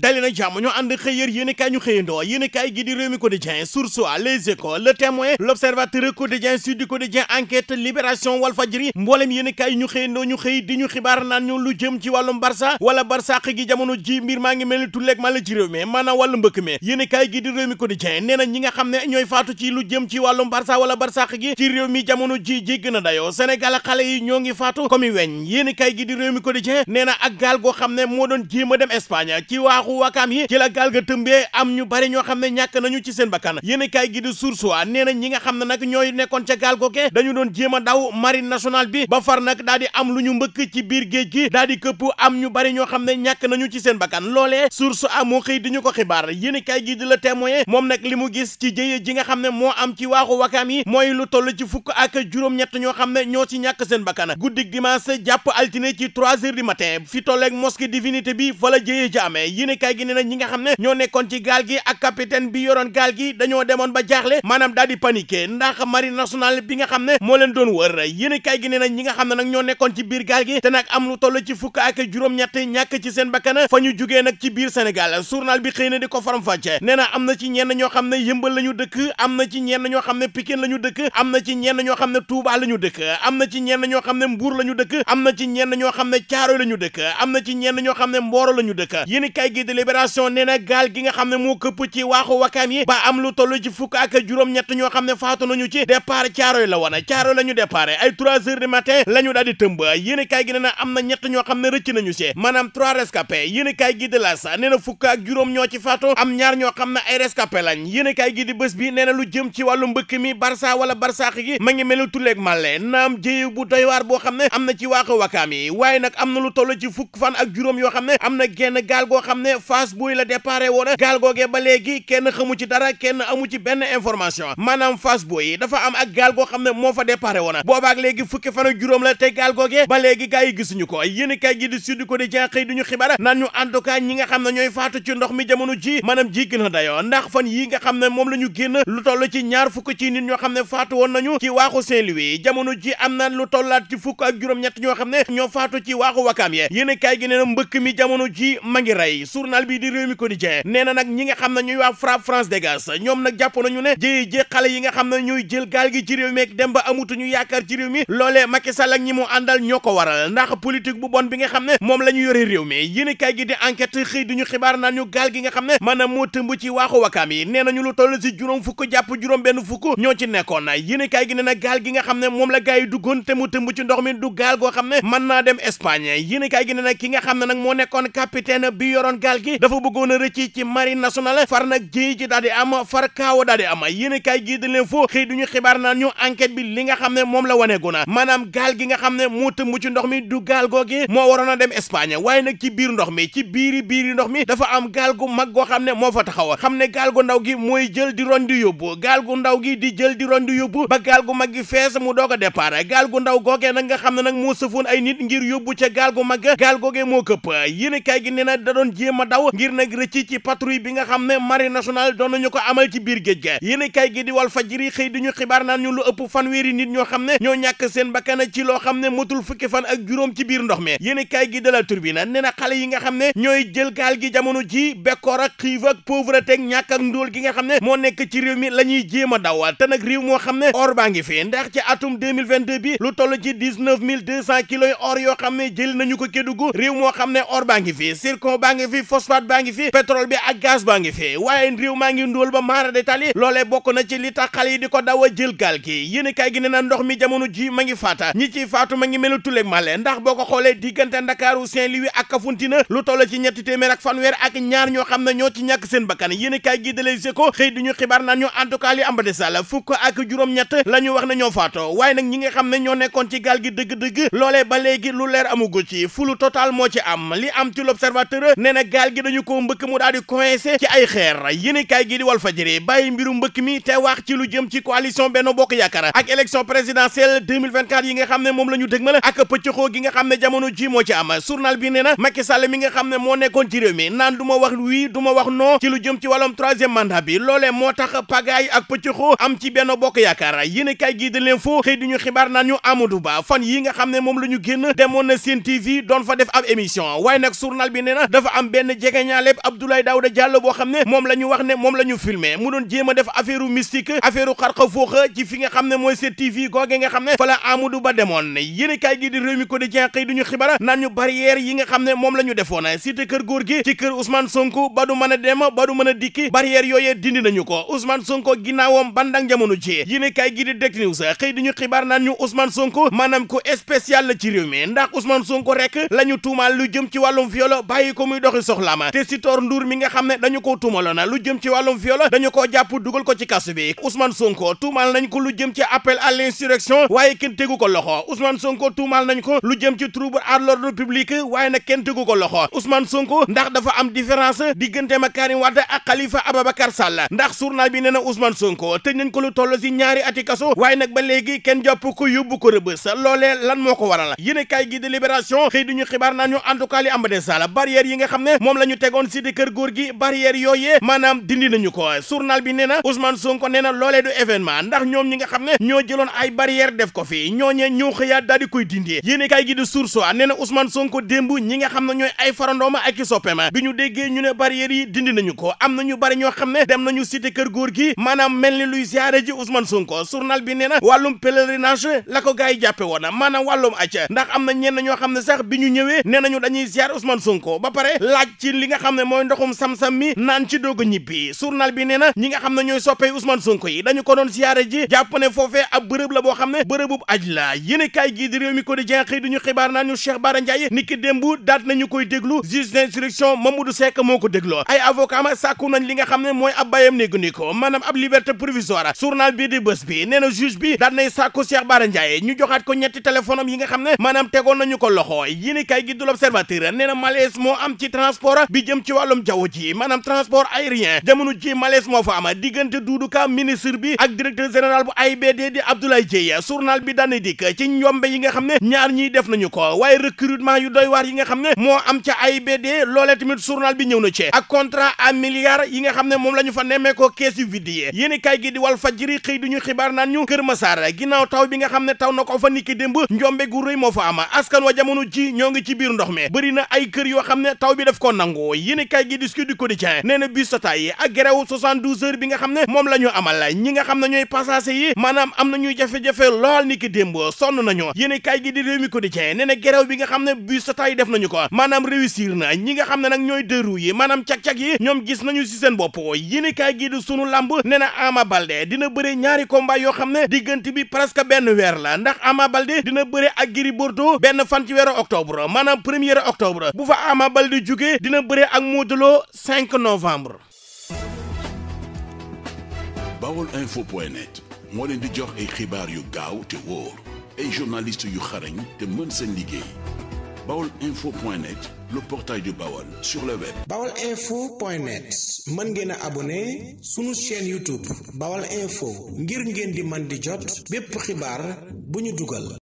dali na jàmm ñoo ànd xëy yër yéen i kaay ñu xëyandoo yéen i gi di réew mi quotidien Source A Les Échos Le Témoin L'Observateur quotidien Sud Quotidien Enquête Libération Walfadjri mboolem yéen i kaay ñu xëyandoo ñu xëy di ñu xibaar naan ñu lu jëm ci wàllum Barça wala Barça gi jamono ji mbir maa ngi mel ni tulleeg maa la ci réew mi maanaam wàllu mbëkk mi yéen gi di réew mi quotidien nee na ñi nga xam ne ñooy faatu ci lu jëm ci wàllum Barça wala Barça gi ci réew mi jamono ji ji gën a dayoo Sénégal xale yi ñoo ngi faatu comme weñ yéen kaay gi di réew mi quotidien nee na ak gaal goo xam ne moo doon jéem a dem Espagne ci yaxu wakaam yi ci la gaal ga tëmbee am ñu bari ñoo xam ne ñàkk nañu ci seen bakkana yéen gi di source wa nee na ñi nga xam ne nag ñooy nekkoon ca gaal googe dañu doon jéem a daw marine nationale bi ba far nag daal di am lu ñu mbëkk ci biir géej gi daal di këpp am ñu bari ñoo xam ne ñàkk nañu ci seen bakkan loole source a moo xëy di ñu ko xibaar yéen kaay gi di la témoin moom nag li mu gis ci jëye ji nga xam ne moo am ci waaxu wakaam yi mooy lu toll ci fukk ak juróom ñoo xam ne ñoo ci ñàkk seen bakkan guddik dimanche jàpp altine ci trois heures du matin fi tolleeg mosquée divinité bi fa la jëye ji kaay gi na ñi nga xam ne ñoo nekkoon ci gaal gi ak capitaine bi yoroon gaal gi dañoo demoon ba jaaxle maanaam daal di paniqué ndax marine nationale bi nga xam ne moo leen doon wër yéen kaay gi ne na ñi nga xam ne nag ñoo nekkoon ci biir gaal gi te nag am lu toll ci fukk ak juróom-ñett ñàkk ci seen bakkan fa ñu jugee nag ci biir Sénégal journal bi xëy na di ko faram fàcce nee na am na ci ñenn ñoo xam ne yëmbal la ñu dëkk am na ci ñenn ñoo xam ne Pikine la ñu dëkk am na ci ñenn ñoo xam ne tuubaa la ñu dëkk am na ci ñenn ñoo xam ne Mbour la ñu dëkk am na ci ñenn ñoo xam ne Caaroy la ñu dëkk am na ci ñenn ñoo xam ne Mboro la ñu dëkk yéen gi di libération nee na gaal gi nga xam ne moo këpp ci waaxu wakkaan yi ba am lu toll ci fukk ak juróom-ñett ñoo xam ne faatu nañu ci départ caaroy la woon caaroy la ñu départ ay trois heures matin la ñu tëmb yéen kaay gi nee na am na ñett ñoo xam ne rëcc nañu fukk ak juróom ñoo ci faatu am ñaar ñoo xam ne ay rescapé lañ yéen kaay gi di bi nee lu jëm ci wàllu mbëkk mi barça wala barsax gi ma ngi mel ni naam jéeyu bu doy boo xam ne am na ci waaxu ne Fass Boye la déparé woon gaal googee ba léegi kenn xamu ci dara kenn amu ci benn information maanaam Fass Boye dafa am ak gaal goo xam ne moo fa déparé woon boobaak léegi fukki fan ak juróom la te gaal googee ba léegi gaa yi gisuñu ko yéen kay gi di suddi ko di jaaxëy duñu xibaar naan ñu en tout cas ñi nga xam ne ñooy faatu ci ndox mi jamono ji maanaam ji gën a dayoo ndax fan yi nga xam ne moom la ñu génn lu toll ci ñaar fukk ci nit ñoo xam ne faatu woon nañu ci waaxu Saint-Louis jamono ji am lu tollaat ci fukk ak juróom-ñett ñoo xam ne ñoo faatu ci waaxu wakaam yee yéen kay nee na mbëkk mi jamono ji ma ngi rey journal bi di Rewmi Quotidien nee na nag ñi nga xam ne ñuy waa FRAPP France Dégage ñoom nag jàpp nañu ne jéye jé xale yi nga xam ne ñuy jël gaal gi ci réew mi dem ba amutuñu yaakaar ci réew mi loolee Macky Sall ak ñi mu àndal ñoo ko waral ndax politique bu bon bi nga xam ne moom la ñu yore réew mi yéen gi di enquête xëy di ñu xibaar naan ñu gaal gi nga xam ne maanaam moo tëmb ci waaxu wakaam yi nee nañu lu toll si juróom fukk jàpp juróom benn fukk ñoo ci nekkoon na yéen kay gi ne na gaal gi nga xam ne moom la gars yi duggoon te mu tëmb ci ndox mi du gaal ne mën naa dem Espagne yéen kay na ki nga xam ne nag moo nekkoon capitaine bi yoroon Sénégal gi dafa bëggoon a rëcc ci marine nationale far nag jéey ji daal di am far kaawa daal di am yéen a kaay gii di leen foo xëy duñu xibaar naan ñu enquête bi li nga xam ne moom la waneegu na maanaam gaal gi nga xam ne moo tëmb ci ndox mi du gaal googi moo waroon a dem Espagne waaye nag ci biir ndox mi ci biiri biiri ndox mi dafa am gaal gu mag goo xam ne moo fa taxaw xam ne gaal gu ndaw gi mooy jël di ron di yóbbu gaal gu ndaw gi di jël di ron di yóbbu ba gaal gu mag gi fees mu doog a départ gaal gu ndaw googee nag nga xam ne nag moo sëfoon ay nit ngir yóbbu ca gaal gu mag gaal googee a ma daw ngir nag rëcc ci patrouille bi nga xam ne marine nationale doon nañu ko amal ci biir géej ga yéen kay gi di wal fajiri xëy di ñu xibaar naan ñu lu ëpp fan fanweeri nit ñoo xam ne ñoo ñàkk seen bakkan ci loo xam ne motul fukki fan ak juróom ci biir ndox mi yéen kay gi de la turbine nee na xale yi nga xam ne ñooy jël gaal gi jamono ji bekkoor ak xiif ak pauvreté ak ñàkk ak ndóol gi nga xam ne moo nekk ci réew mi la ñuy jéem a daw te nag réew moo xam ne or baa ngi fi ndax ci atum 2022 bi lu toll ci 19200 kilos yi or yoo xam ne jël nañu ko Kédougou réew moo xam ne or baa ngi fi phosphate baa ngi fi pétrole bi ak gaz baa ngi fi waaye réew maa ngi ndóol ba maara détal yi loolee bokk na ci li tax xale yi di ko daw a jël gaal gi yéen kaay gi ne na ndox mi jamono ji ma ngi faata ñi ciy faatu ma ngi melu tuleeg male ndax boo ko xoolee diggante Ndakaaru Saint-Louis ak Kafountine lu toll ci ñett téeméer ak fanweer ak ñaar ñoo xam na ñoo ci ñàkk seen bakkan yéen kaay gi de Les Échos xëy duñu xibaar naan ñu en tout cas li fukk ak juróom ñu wax ne ñoo faatoo waaye nag ñi nga xam ne ñoo nekkoon ci gaal gi dëgg-dëgg loolee ba léegi lu leer amugu ci fulu total moo ci am li am ci l'observateur nee na gaal gi dañu ko mbëkk mu daal di coincé ci ay xeer yéenekaay gi di Walf Fadjri bàyyi mbiru mbëkk mi te wax ci lu jëm ci coalition Benno Bokk Yaakaar ak élection présidentielle 2024 yi nga xam ne moom la ñu xibaar naan ñu Amadou Ba fan yi nga xam ne moom la ñu génn demoon na Sen TV doon fa def ab émission waaye nag journal bi nee na dafa am benn benn jegeñaaleeb Abdoulaye Daouda Diallo boo xam ne moom la ñu wax ne moom lañu ñu mu doon jéem a def affaire u mystique affaire u xarxa fooxa ci fi nga xam ne mooy seen TV googe nga xam ne fa la Amadou Ba demoon yéen i kaay gi di réew mi quotidien xëy duñu xibara naan nga xam ne moom la ñu defoon cité kër góor gi ci kër Ousmane Sonko ba du ba du mën a dikki barrière yooyee dindi nañu ko Ousmane Sonko ginnaawam bandang jamono ci yéen i kaay gi di Direct News xëy duñu xibaar naan ñu Ousmane Sonko maanaam ku spécial la ci réew mi ndax Ousmane Sonko rek la ñu tuumaal lu jëm ci wàllum viol bàyyi ko muy doxi soxlaama te Sitor Ndour mi nga xam ne dañu ko tuumaloon lu jëm ci wàllum viol dañu koo jàpp dugal ko ci kasu bi Ousmane Sonko tuumal nañ ko lu jëm ci appel à l'insurrection waaye kenn tegu ko loxo Ousmane Sonko tuumal nañ ko lu jëm ci trouble à l'ordre public waaye nag kenn tegu ko loxo Ousmane Sonko ndax dafa am différence digganteem ak Karim Wade ak Khalifa Ababacar Sall ndax journal bi nee na Ousmane Sonko tëj nañ ko lu toll si ñaari ati kaso waaye nag ba léegi kenn jàpp ko yóbbu ko lan moo ko waral a kaay gi de yi nga xam moom la ñu tegoon si di kër góor gi barrière yooyee maanaam dindi nañu ko journal bi nee na usman Sonko nee na loolee du événement ndax ñi nga xam ne ñoo jëloon ay barrière def ko fi ñooñee ñoo xëyaat daal di koy dindi yéen kay gi di source a nee na Ousmane Sonko démb ñi nga xam ne ñooy ay farandooma ak i bi ñu déggee ñu ne barrière yi dindi ko am na ñu bari ñoo xam ne dem nañu cité kër góor gi maanaam mel ni luy siyaare ji Ousmane Sonko journal bi nee na wàllum pèlerinage la ko gars yi jàppe woon manaam wàllum acca ndax am na ñenn ñoo xam ne sax bi ñu ñëwee nee nañu dañuy siyaar Ousmane Sonko ba pare laaj ci li nga xam ne mooy ndoxum sam-sam mi naan ci doog a ñibbi journal bi nee na ñi nga xam ne ñooy soppee Ousmane Sonko yi dañu ko doon siyaare ji jàpp ne foofee ab bërëb la boo xam ne bërëbub aj la yéen kaay gii di réew mi ko di jenqëy duñu xibaar naa ñu Cheikh Bara Ndiaye niki démb daat nañu koy déglu juge d'instruction Mamadou Seck moo ko dégloo ay avocat ma nañ li nga xam ne mooy ab bàyyam néegu ni ko maanaam ab liberté provisoire journal bii di bés bi nee na juge bi daat nay sàkku Cheikh ko ñetti téléphone yi nga xam ne maanaam tegoon nañu ko loxo yéen kaay gi du l'Observateur nee na malaise moo am ci transport bi jëm ci wàllum jaww ji maanaam transport aérien jamono ji malaise moo fa am diggante Doudou Ka ministre bi ak directeur général bu AIBD di Abdoulaye Dieye journal bi daanay dikk ci njombe yi nga xam ne ñaar ñiy def nañu ko waaye recrutement yu doy waar yi nga xam ne moo am ca AIBD loole tamit journal bi ñëw na ci ak contrat à milliards yi nga xam ne moom la ñu fa nemmeekoo ko kees yu vide yi yéen kay gi di wal fajiri xëy duñu xibaar naa ñu Kër Massar ginnaaw taw bi ne taw na ko fa niki démb njombe gu rëy askan wa jamono ji ñoo ngi ci biir ndox mi bëri na ay kër yoo xam ne taw bi def ko ko nangu yéen kay gi di nee na bus Tata yi ak nga xam ne moom la ñu amal ñi nga ñooy passager yi maanaam am nañuy jafe-jafe lool ni ki démb sonn nañu yéen kay gi di Rewmi Quotidien nee na grève bi nga xam ne bus Tata yi def nañu ko maanaam réussir na ñi nga xam ne nag ñooy deux yi maanaam cag-cag yi ñoom gis nañu ci seen bopp yéen kay gi di sunu lamb nee na Ama Baldé dina bëre ñaari combat yoo xam ne diggante bi presque benn weer la ndax Ama Baldé dina bëre ak Gris Bordeaux benn fan ci weeru octobre maanaam premier octobre bu fa Ama Baldé jógee dina bëree ak moo Lo 5 novembre. Baol info point net moo leen di jox ay xibaar yu gaaw te wóor ay journalistes yu xarañ te mën seen liggéey Baol info point net le portail du Baol sur le web. Baol info net mën ngeen a abonné sunu chaîne YouTube Baol info ngir ngeen di mën di jot bépp xibaar bu ñu dugal.